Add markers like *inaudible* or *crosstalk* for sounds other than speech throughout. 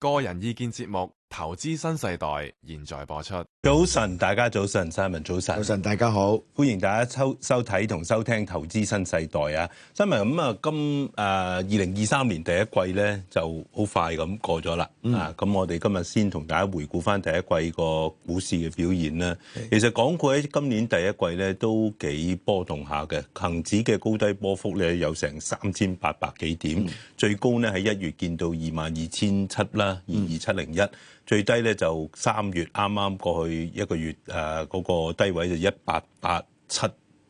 個人意見節目。投資新世代現在播出。早晨，大家早晨，Simon 早晨。早晨，大家好，歡迎大家收收睇同收聽投資新世代啊！Simon 咁啊，今誒二零二三年第一季咧，就好快咁過咗啦。嗯、啊，咁我哋今日先同大家回顧翻第一季個股市嘅表現啦。是其實港股喺今年第一季咧都幾波動下嘅，恒指嘅高低波幅咧有成三千八百幾點，嗯、最高咧喺一月見到二萬二千七啦，二二七零一。最低咧就三月啱啱過去一個月，誒、呃、嗰、那個低位就一八八七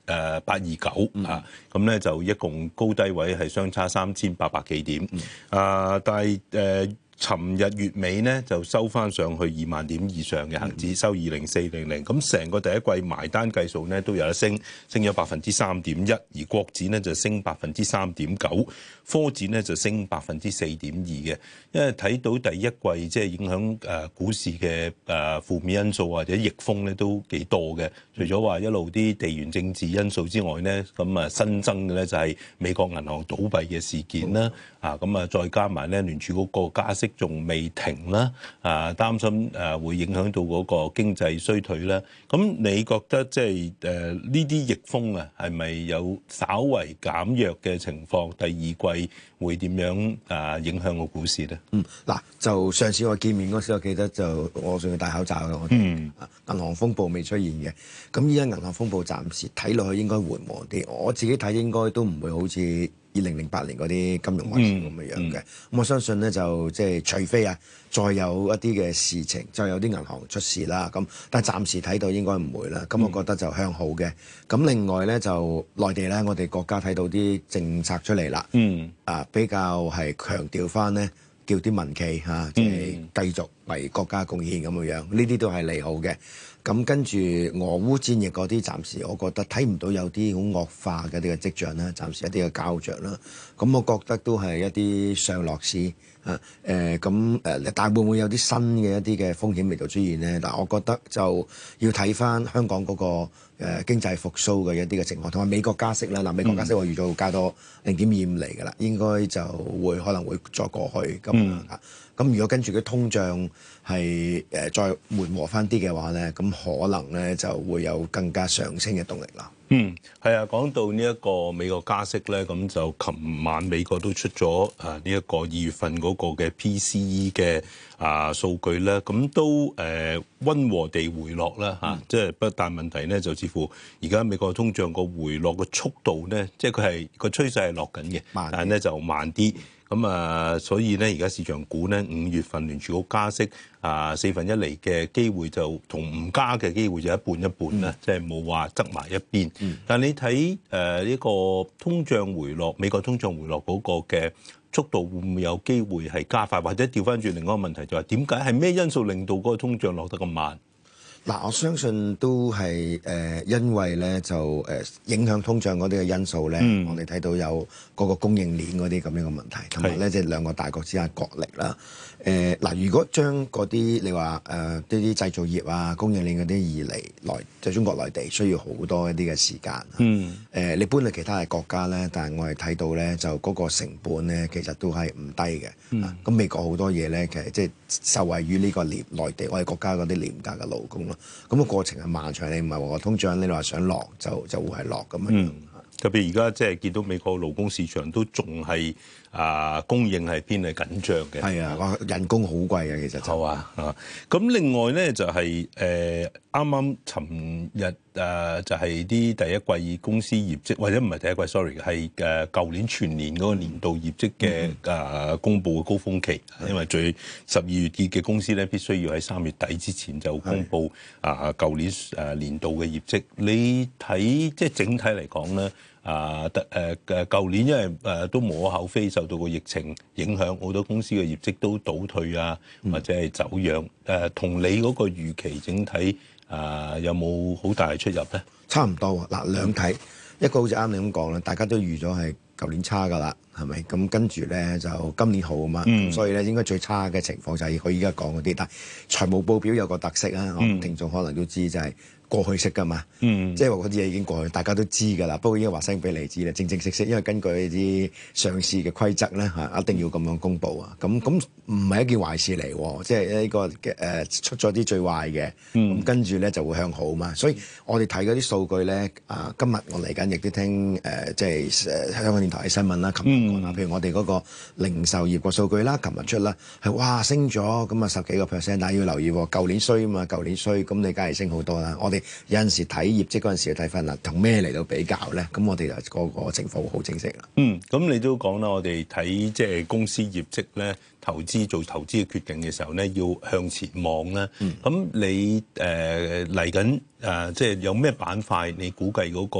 誒八二九啊，咁咧就一共高低位係相差三千八百幾點啊、呃，但係誒。呃尋日月尾呢，就收翻上去二萬點以上嘅恒指收二零四零零，咁成個第一季埋單計數呢，都有得升，升咗百分之三點一，而國指呢，就升百分之三點九，科指呢，就升百分之四點二嘅。因為睇到第一季即係、就是、影響誒股市嘅誒負面因素或者逆風咧都幾多嘅，除咗話一路啲地緣政治因素之外呢，咁啊新增嘅呢，就係美國銀行倒閉嘅事件啦，啊咁啊再加埋呢聯儲嗰個加息。仲未停啦，啊，擔心誒會影響到嗰個經濟衰退啦。咁你覺得即係誒呢啲逆風啊，係咪有稍為減弱嘅情況？第二季會點樣啊、呃，影響個股市咧？嗯，嗱，就上次我見面嗰時，我記得就我仲要戴口罩嘅，我哋、嗯、銀行風暴未出現嘅。咁依家銀行風暴暫時睇落去應該緩和啲，我自己睇應該都唔會好似。二零零八年嗰啲金融危機咁樣樣嘅，咁、嗯、我相信咧就即係、就是、除非啊，再有一啲嘅事情，再有啲銀行出事啦。咁但係暫時睇到應該唔會啦。咁、嗯、我覺得就向好嘅。咁另外咧就內地咧，我哋國家睇到啲政策出嚟啦、嗯啊，啊比較係強調返咧，叫啲民企吓即係繼續為國家貢獻咁樣樣，呢啲、嗯、都係利好嘅。咁跟住俄烏戰役嗰啲，暫時我覺得睇唔到有啲好惡化嘅啲嘅跡象啦，暫時一啲嘅膠着啦。咁我覺得都係一啲上落市啊。誒咁誒，但會唔會有啲新嘅一啲嘅風險嚟到出現呢？但係我覺得就要睇翻香港嗰、嗰個誒、呃、經濟復甦嘅一啲嘅情況，同埋美國加息啦。嗱、嗯，美國加息我預咗加多零點二五釐嘅啦，應該就會可能會再過去咁啊。咁如果跟住嘅通脹係誒再緩和翻啲嘅話咧，咁可能咧就會有更加上升嘅動力啦。嗯，係啊，講到呢一個美國加息咧，咁就琴晚美國都出咗啊呢一、這個二月份嗰個嘅 PCE 嘅啊數據咧，咁、啊、都誒溫、呃、和地回落啦嚇。啊嗯、即係不但問題咧，就似乎而家美國通脹個回落嘅速度咧，即係佢係個趨勢係落緊嘅，慢但係咧就慢啲。咁啊，所以咧，而家市場估咧，五月份聯儲局加息啊，四分一釐嘅機會就同唔加嘅機會就一半一半啦，即係冇話側埋一邊。但你睇誒呢個通脹回落，美國通脹回落嗰個嘅速度會唔會有機會係加快，或者調翻轉，另一個問題就係點解係咩因素令到嗰個通脹落得咁慢？嗱，我相信都係誒，因為咧就誒影響通脹嗰啲嘅因素咧，嗯、我哋睇到有嗰個供應鏈嗰啲咁樣嘅問題，同埋咧即係兩個大國之間角力啦。誒、呃、嗱，如果將嗰啲你話誒呢啲製造業啊、供應鏈嗰啲移嚟來，即、就係、中國內地需要好多一啲嘅時間。嗯。誒、呃，你搬去其他嘅國家咧，但係我哋睇到咧就嗰個成本咧其實都係唔低嘅。咁、啊嗯嗯、美國好多嘢咧，其實即係受惠於呢個廉內地，我哋國家嗰啲廉價嘅勞工。咁個過程係漫長，你唔係話通脹，你話想落就就會係落咁樣、嗯。特別而家即係見到美國勞工市場都仲係啊供應係偏係緊張嘅。係啊，人工好貴嘅其實、啊啊另外呢。就啊、是、啊！咁另外咧就係誒。啱啱尋日誒、呃、就係、是、啲第一季公司業績，或者唔係第一季，sorry，係誒舊年全年嗰個年度業績嘅誒公佈嘅高峰期，因為最十二月結嘅公司咧，必須要喺三月底之前就公佈是啊舊年誒年度嘅業績。你睇即係整體嚟講咧？啊，得誒誒，舊、呃、年因為誒、呃、都無可厚非，受到個疫情影響，好多公司嘅業績都倒退啊，或者係走樣。誒、嗯呃，同你嗰個預期整體啊、呃，有冇好大出入咧？差唔多喎，嗱、啊、兩睇，一個好似啱你咁講啦，大家都預咗係舊年差噶啦，係咪？咁跟住咧就今年好啊嘛，嗯、所以咧應該最差嘅情況就係佢依家講嗰啲，但係財務報表有個特色啊，我聽眾可能都知就係、是。過去式㗎嘛，嗯、即係話嗰啲嘢已經過去，大家都知㗎啦。不過依家話聲俾你知咧，正正式式式，因為根據啲上市嘅規則咧嚇，一定要咁樣公佈啊。咁咁唔係一件壞事嚟，即係呢個誒、呃、出咗啲最壞嘅，咁、嗯、跟住咧就會向好嘛。所以我哋睇嗰啲數據咧，啊、呃，今日我嚟緊亦都聽誒、呃，即係香港電台嘅新聞啦。啦嗯，啊，譬如我哋嗰個零售業個數據啦，琴日出啦，係哇升咗，咁啊十幾個 percent，大家要留意、哦，舊年衰啊嘛，舊年衰，咁你梗係升好多啦。我哋有陣時睇業績嗰陣時要睇，睇翻啦，同咩嚟到比較咧？咁我哋就嗰個情況好清晰。嗯，咁你都講啦，我哋睇即係公司業績咧，投資做投資嘅決定嘅時候咧，要向前望啦。咁、嗯、你誒嚟緊誒，即、呃、係、呃係、有咩板塊你估計嗰個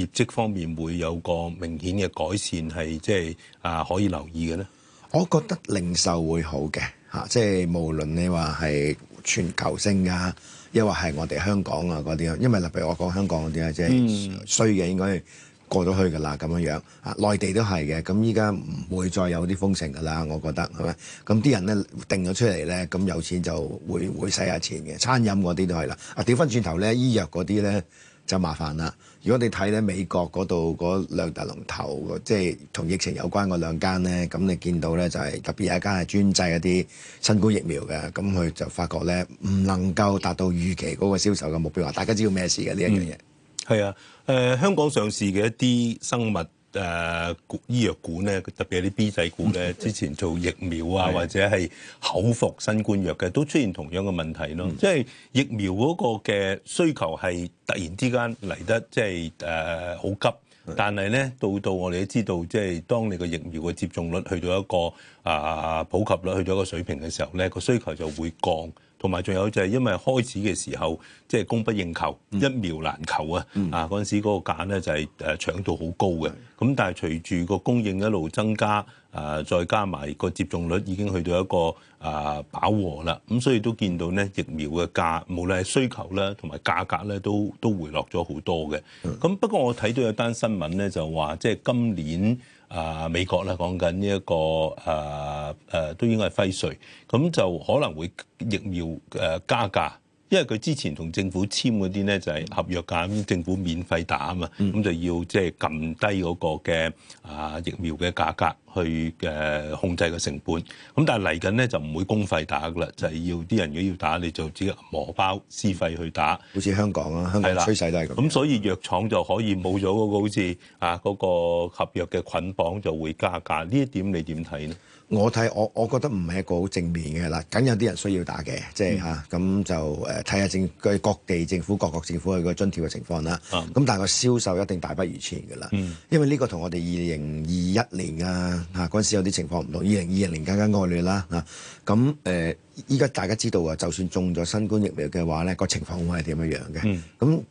業績方面會有個明顯嘅改善，係即係啊可以留意嘅咧？我覺得零售會好嘅嚇，即、啊、係、係、無論你話係。全球性啊，又或係我哋香港啊嗰啲，因為例如我講香港嗰啲咧，嗯、即係衰嘅應該過咗去噶啦，咁樣樣啊，內地都係嘅，咁依家唔會再有啲封城噶啦，我覺得係咪？咁啲人咧定咗出嚟咧，咁有錢就會、嗯、就會使下錢嘅，餐飲嗰啲都係啦。啊，調翻轉頭咧，醫藥嗰啲咧。就麻煩啦！如果你睇咧美國嗰度嗰兩大龍頭，即係同疫情有關嗰兩間咧，咁你見到咧就係特別有一間係專製一啲新冠疫苗嘅，咁佢就發覺咧唔能夠達到預期嗰個銷售嘅目標啊！大家知道咩事嘅呢一樣嘢？係啊，誒、呃、香港上市嘅一啲生物。誒醫藥股咧，特別係啲 B 仔股咧，之前做疫苗啊，或者係口服新冠藥嘅，都出現同樣嘅問題咯。即係疫苗嗰個嘅需求係突然之間嚟得即係誒好急，但係咧，到到我哋都知道，即係當你個疫苗嘅接種率去到一個啊，普及率去到一個水平嘅時候咧，個需求就會降。同埋仲有就係因為開始嘅時候，即、就、係、是、供不應求，嗯、一苗難求、嗯、啊！啊，嗰陣時嗰個價咧就係誒搶到好高嘅。咁、嗯、但係隨住個供應一路增加，誒、呃、再加埋個接種率已經去到一個誒、呃、飽和啦。咁所以都見到咧疫苗嘅價，無論係需求咧同埋價格咧都都回落咗好多嘅。咁、嗯、不過我睇到有單新聞咧就話，即係今年。啊，美國啦，講緊呢一個啊，誒、啊、都應該係輝瑞，咁就可能會疫苗誒加價，因為佢之前同政府簽嗰啲咧就係合約價，政府免費打啊嘛，咁就要即係撳低嗰個嘅啊疫苗嘅價格。去誒控制個成本，咁但係嚟緊咧就唔會公費打噶啦，就係、是、要啲人如果要打，你就自己磨包私費去打，好似香港啊，香港趨勢都係咁。咁所以藥廠就可以冇咗嗰個好似啊嗰個合約嘅捆綁，就會加價。呢一點你點睇？呢？我睇我我覺得唔係一個好正面嘅啦。梗有啲人需要打嘅，即係嚇咁就誒睇下政嘅各地政府、各國政府嘅個津貼嘅情況啦。咁、嗯、但係個銷售一定大不如前噶啦，嗯、因為呢個同我哋二零二一年啊。嚇，嗰陣、啊、時有啲情況唔同，二零二零年更加惡劣啦，嚇。咁、啊、誒，依、啊、家、呃、大家知道啊，就算中咗新冠疫苗嘅話咧，個情況會係點樣樣嘅？咁、嗯。嗯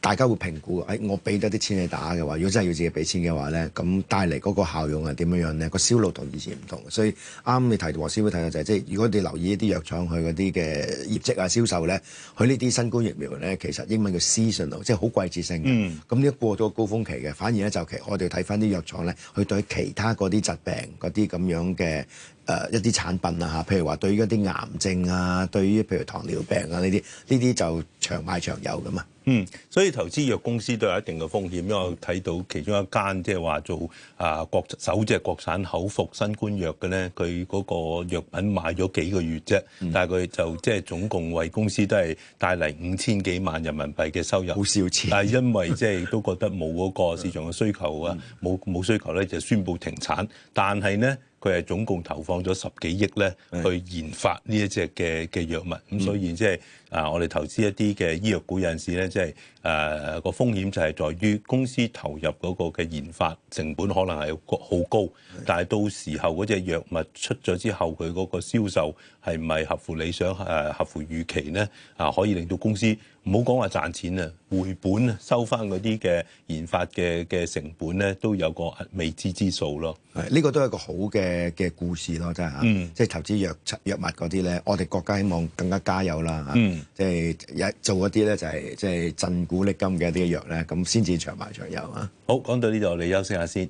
大家會評估誒、哎，我俾多啲錢你打嘅話，如果真係要自己俾錢嘅話咧，咁帶嚟嗰個效用係點樣樣咧？個銷路同以前唔同，所以啱你提黃師妹睇嘅就係、是，即係如果你留意一啲藥廠佢嗰啲嘅業績啊、銷售咧，佢呢啲新冠疫苗咧，其實英文叫 seasonal，即係好季節性嘅。咁呢個過咗高峰期嘅，反而咧就其實我哋睇翻啲藥廠咧，佢對其他嗰啲疾病嗰啲咁樣嘅誒、呃、一啲產品啊嚇，譬如話對於一啲癌症啊，對於譬如糖尿病啊呢啲，呢啲就長賣長有㗎嘛。嗯，所以投資藥公司都有一定嘅風險，因為我睇到其中一間、就是啊、即係話做啊國首隻國產口服新冠藥嘅咧，佢嗰個藥品賣咗幾個月啫，但係佢就即係總共為公司都係帶嚟五千幾萬人民幣嘅收入，好少錢。但係因為即係都覺得冇嗰個市場嘅需求啊，冇冇 *laughs* 需求咧就是、宣布停產，但係咧。佢係總共投放咗十幾億咧，的去研發呢一隻嘅嘅藥物，咁所以即係嗯、啊，我哋投資一啲嘅醫藥股有陣時咧，即係誒個風險就係在於公司投入嗰個嘅研發成本可能係好高，的但係到時候嗰隻藥物出咗之後，佢嗰個銷售係咪合乎理想誒、啊、合乎預期咧？啊，可以令到公司。唔好講話賺錢啊，回本啊，收翻嗰啲嘅研發嘅嘅成本咧，都有個未知之數咯。係，呢、這個都係一個好嘅嘅故事咯，真係嚇。嗯，即係投資藥藥物嗰啲咧，我哋國家希望更加加油啦。嗯，即係做一啲咧，就係即係震古鑠今嘅一啲藥咧，咁先至長埋長有啊。好，講到呢度，我哋休息下先。